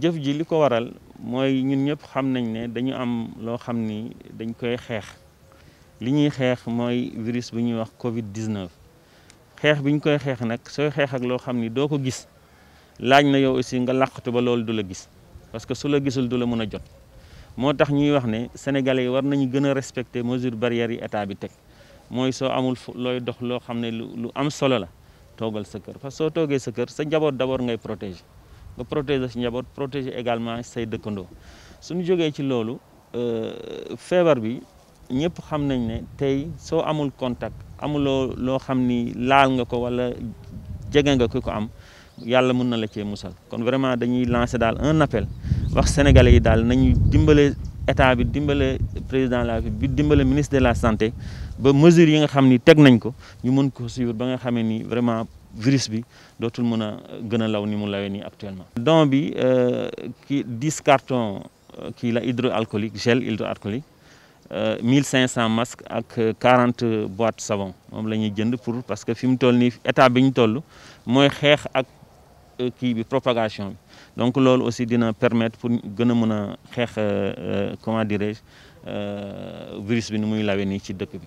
jëf ji li ko waral mooy ñun ñëpp xam nañ ne dañu am loo xam ni dañ koy xeex li ñuy xeex mooy virus bu ñuy wax Covid 19. xeex bi ñu koy xeex nag sooy xeex ak loo xam ni doo ko gis laaj na yow aussi nga làqatu ba loolu du la gis parce que su la gisul du la mën a jot moo tax ñuy wax ne sénégalais yi war nañu gën a respecter mesures barrières yi état bi teg mooy soo amul looy dox loo xam ne lu am solo la toogal sa kër parce que soo toogee sa kër sa njaboot d'abord ngay protéger. nga protéger si njaboot protéger également say dëkkandoo suñu jogee ci loolu euh, feebar bi ñëpp xam nañ ne tey soo amul contact amuloo loo xam ni laal nga ko wala jege nga ko ko am yàlla mun na la cee musal kon vraiment dañuy lancer daal en appel wax sénégalais yi daal nañu dimbale état bi dimbale président la bi dimbale ministre de la santé ba mesures yi nga xam ni teg nañ ko ñu mën ko suivre ba nga xamee ni vraiment virus bi dootul mën a gën a law ni mu lawee nii actuellement. don bi euh, kii dix cartons euh, kii la hydroalcoolique gel hydroalcoolique euh, mille cinq cent masques ak quarante boîtes savon moom la ñuy jënd pour parce que fi mu toll nii état bi ñu toll mooy xeex ak kii bi propagation bi donc loolu aussi dina permettre pour gën a mën a xeex comment dirais-je virus bi ni muy lawee nii ci dëkk bi.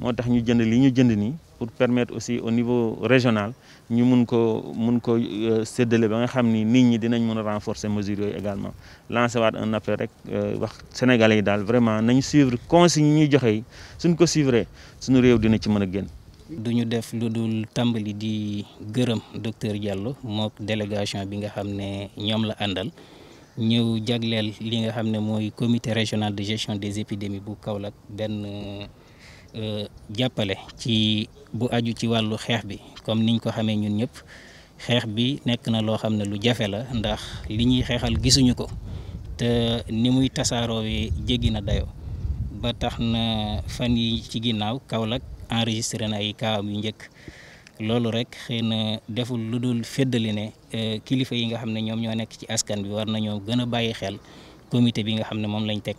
moo tax ñu jënd li ñu jënd nii pour permettre aussi au niveau régional ñu mun ko mun ko euh, séddale ba nga xam ni nit ñi dinañ mën a renforcer mesures yooyu également lancer waat un appel rek euh, wax sénégalais yi daal vraiment nañ suivre consignes yi ñuy joxe yi suñ ko suivre suñu réew dina ci mën a génn. duñu def lu dul tàmbali di gërëm docteur Diallo mook délégation bi nga xam ne ñoom la àndal ñëw jagleel li nga xam ne mooy comité régional de gestion des épidémies bu Kaolack benn. Euh, jàppale ci bu aju ci wàllu xeex bi comme niñ ko xamee ñun ñëpp xeex bi nekk na loo xam ne lu jafe la ndax li ñuy xeexal gisuñu ko te ni muy tasaaroo wi jéggi na dayoo ba tax na fan yi ci ginnaaw kaw Kaolack enregistré na ay kaawam yu njëkk loolu rek xëy na deful lu dul féddali ne euh, kilifa yi nga xam ne ñoom ñoo nekk ci askan bi war nañoo gën a bàyyi xel comité bi nga xam ne moom lañ teg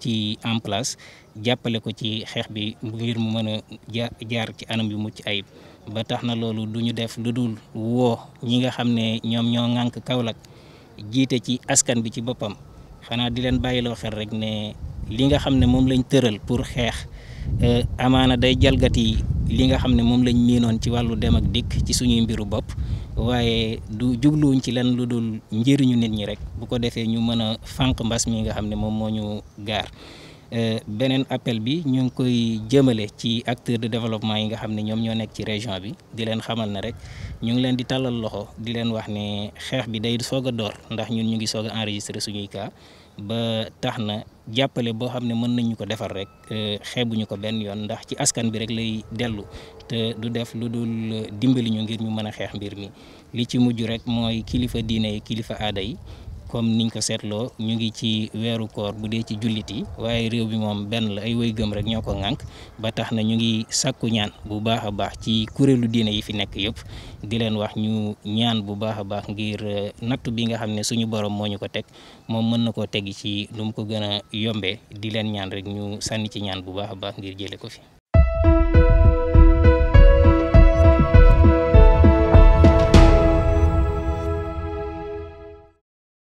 ci en place jàppale ko ci xeex bi ngir mu mën a jaar ci anam yu mucc ayib ba tax na loolu duñu def lu dul woo ñi nga xam ne ñoom ñoo ŋànk Kaolack jiite ci askan bi ci boppam xanaa di leen bàyyiloo xel rek ne li nga xam ne moom lañ tëral pour xeex euh, amaana day jalgati li nga xam ne moom lañ miinoon ci wàllu dem ak dikk ci suñuy mbiru bopp waaye du jubluwuñ ci lan lu dul njëriñu nit ñi rek bu ko defee ñu mën a fànq mbas mi nga xam ne moom moo ñu gaar euh, beneen appel bi ñu ngi koy jëmale ci acteur de développement yi nga xam ne ñoom ñoo nekk ci région bi di leen xamal na rek ñu ngi leen di tàllal loxo di leen wax ne xeex bi day soog a door ndax ñun ñu ngi soog a enregistré suñuy cas ba tax na jàppale boo xam ne mën nañu ñu ko defar rek euh, xeebuñu ko benn yoon ndax ci askan bi rek lay dellu te du def lu dul dimbali ñu ngir ñu mën a xeex mbir mi li ci mujj rek mooy kilifa diine yi kilifa aada yi comme niñ ko seetloo ñu ngi ci weeru koor bu dee ci jullit yi waaye réew bi moom benn la ay woy gëm rek ñoo ko ŋànk ba tax na ñu ngi sàkku ñaan bu baax a baax ci kuréelu diine yi fi nekk yëpp di leen wax ñu ñaan bu baax a baax ngir euh, natt bi nga xam ne suñu borom moo ñu ko teg moom mën na koo teg ci lu mu ko gën a yombee di leen ñaan rek ñu sànni ci ñaan bu baax a baax ngir jële ko fi